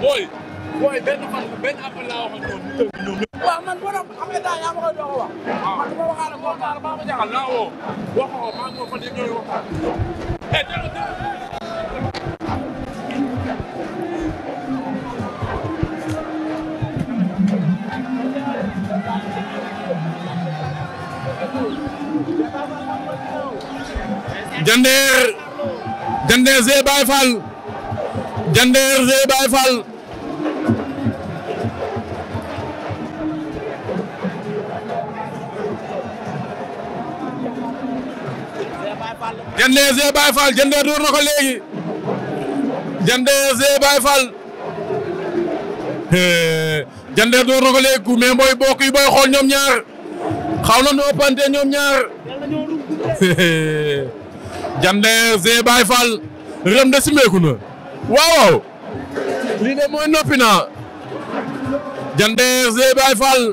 mooy. mooy benn fan benn appel laa wax ak ñoom ñu waaw man borom xam nga daa yaa ma koy doog a wax. Ah. man du ma waxaale ko waxaale maa ma jaaxal naa woo. wax ko maa ngi ko fan yëpp ñooy waxtaan. eh dégg nga Jandeer Jandeer Zé Baye Fall Jandeer Zé Baye Fall Jandeer Zé Baye Fall door na ko léegi Jandeer Zé Baye Fall Jandeer door na ko léegi ku mais booy bokk yi booy xool ñoom ñaar xaw na noo pante ñoom ñaar Jandeer Zé Baye Fall rëm na waaw lii de mooy noppi naa jandeer Zé Baye Fall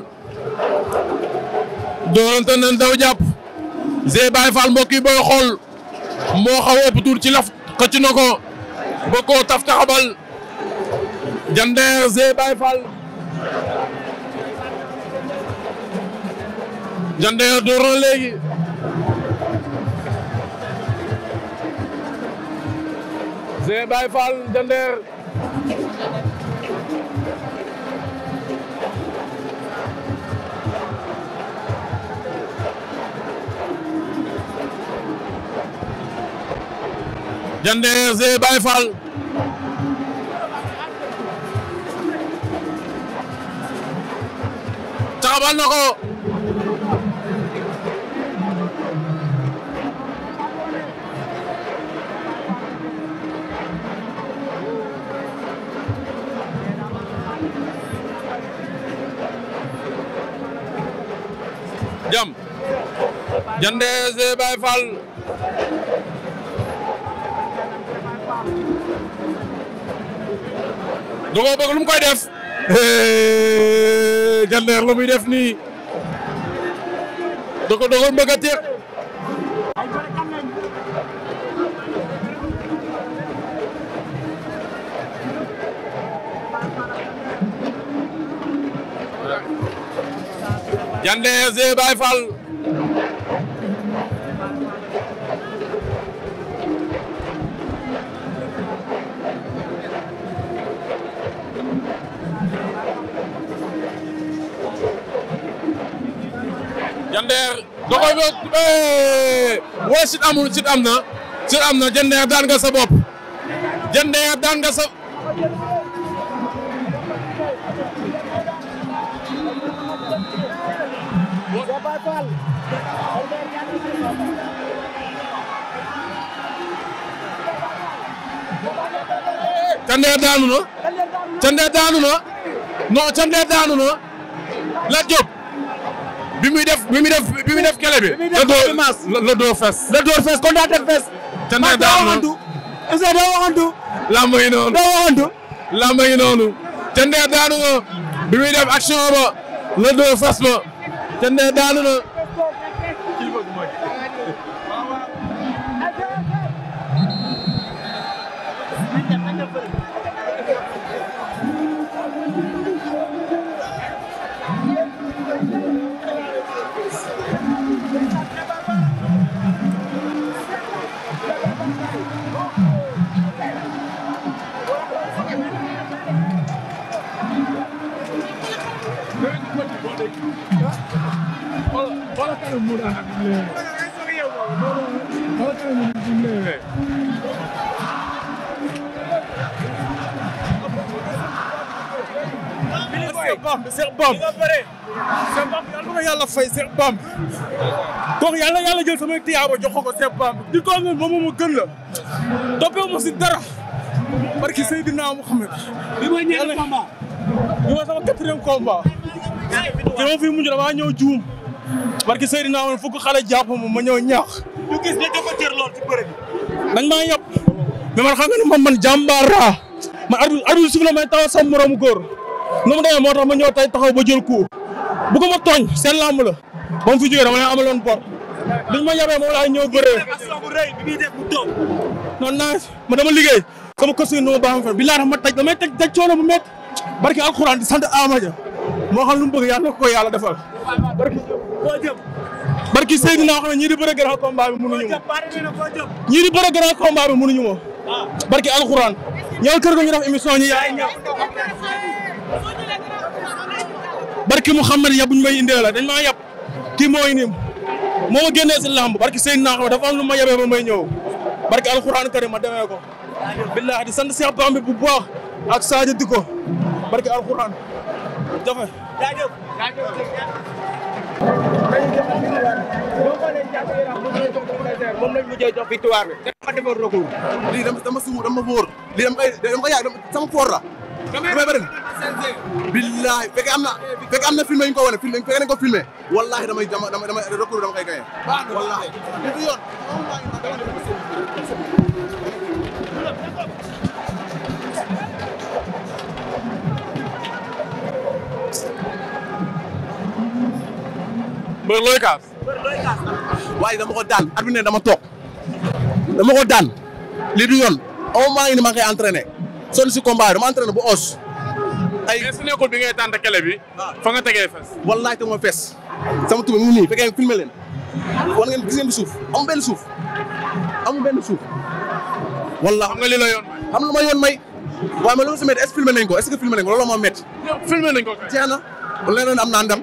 doorante nañ daw jàpp Zé Baye Fall mbokk yi ci laf xëcc na ko ba koo taf jandeer Zé Baye jandeer door na Zé Baye Fall de Nder Jandeer Zé Baye Fall taxabal na ko jam jande se Baye Fall da koo bëgg lu mu koy def eh, jandeer lu def nii da ko da ko bëgg a Diandé FC Fall Diandé da koy eh, woo sit amul sit am na sit am na Diandé daan nga sa bopp daan nga Baye daanu na Thiendé daanu na non bi muy def bi muy def bi kele bi la door fes la door fes kon fes Thiendé daanu na est-ce que doo waxantu làmb yi daanu na bi muy def action ba la door fes ba Diender daanu na mura le otra leve Cheikh Bamb Cheikh Bamb Cheikh Bamb yàlla ko yàlla fay Cheikh Bamb kooku yàlla yàlla jël sama tiyaaba jox ko Cheikh Bamb di ko amee moom mu gën la toppee dara barki Seydina Mouhamed bi ma ma sama quatrième combat juum barki sëriñ naa woon fukk xale jàpp ma ma ñëw ñaax. ñu gis ne dafa jër lool ci bëre bi. dañ maa yab mais man xam nga ne man man jàmbaar laa man arbitre arbitre suuf la may taw sama moromu góor nu mu demee moo tax ma ñëw tey taxaw ba jël coup bu ko ma tooñ seen làmb la ba mu fi jógee dama leen amaloon bor ma yabee moom laa ñëw bëree. non naa ma dama liggéey. sama costume nu ma baax ma fa bi laa tax ma taj damay taj taj mu bu métti barki alxuraan di sant Amadia. moo xam lu mu bëgg yàlla na ko yàlla defal. barki Seydina xam ne ñii di bëre grand combat bi mënuñu ma. ñii di bëre grand combat bi mënuñu ma. barki alxuraan ñëw kër ga ñu def émission ñu yaay ñëw. barki Mouhamed yab bu ñu may indee la dañ maa yab kii mooy moo ma génnee si làmb barki Seydina xam dafa am lu ma yabee ba may ñëw barki alxuraan karim ma demee ko. billaahi di sant Cheikh Bamba bu baax ak Sadio Diko barki alxuraan. joxe jaajëf moom lañ mujjee jox victoire bi dafa defoon recours lii dama suur dama wóor lii dama koy dama koy yàgg sama foor la damay bëri billaahi fekk am na fekk na filmé yu ñu ko wane filmé fekk nañ ko filmé wallaahi damay dama dama recours dama koy gañe wallaahi mbër looy kaas. waaye dama ko daan at bi ne dama toog dama ko daan lii du yoon au moment ni ma koy entraîné sonn si combat dama entraîné bu os. ay mais su nekkul bi ngay tànn kele bi. Ah. fa nga tegee fes. wallaahi te ma fes sama tubaab mu ngi nii fekkee filmé leen war ngeen gis ngeen suuf amul benn suuf amul benn suuf. wallaahi xam nga li la yoon may. xam lu ma yoon may waaye ma lu ma si métti est-ce que nañ ko est-ce que filmé ko loolu moo métti. filmé nañ ko kay jeex na. am naa ndam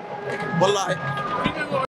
wallaahi.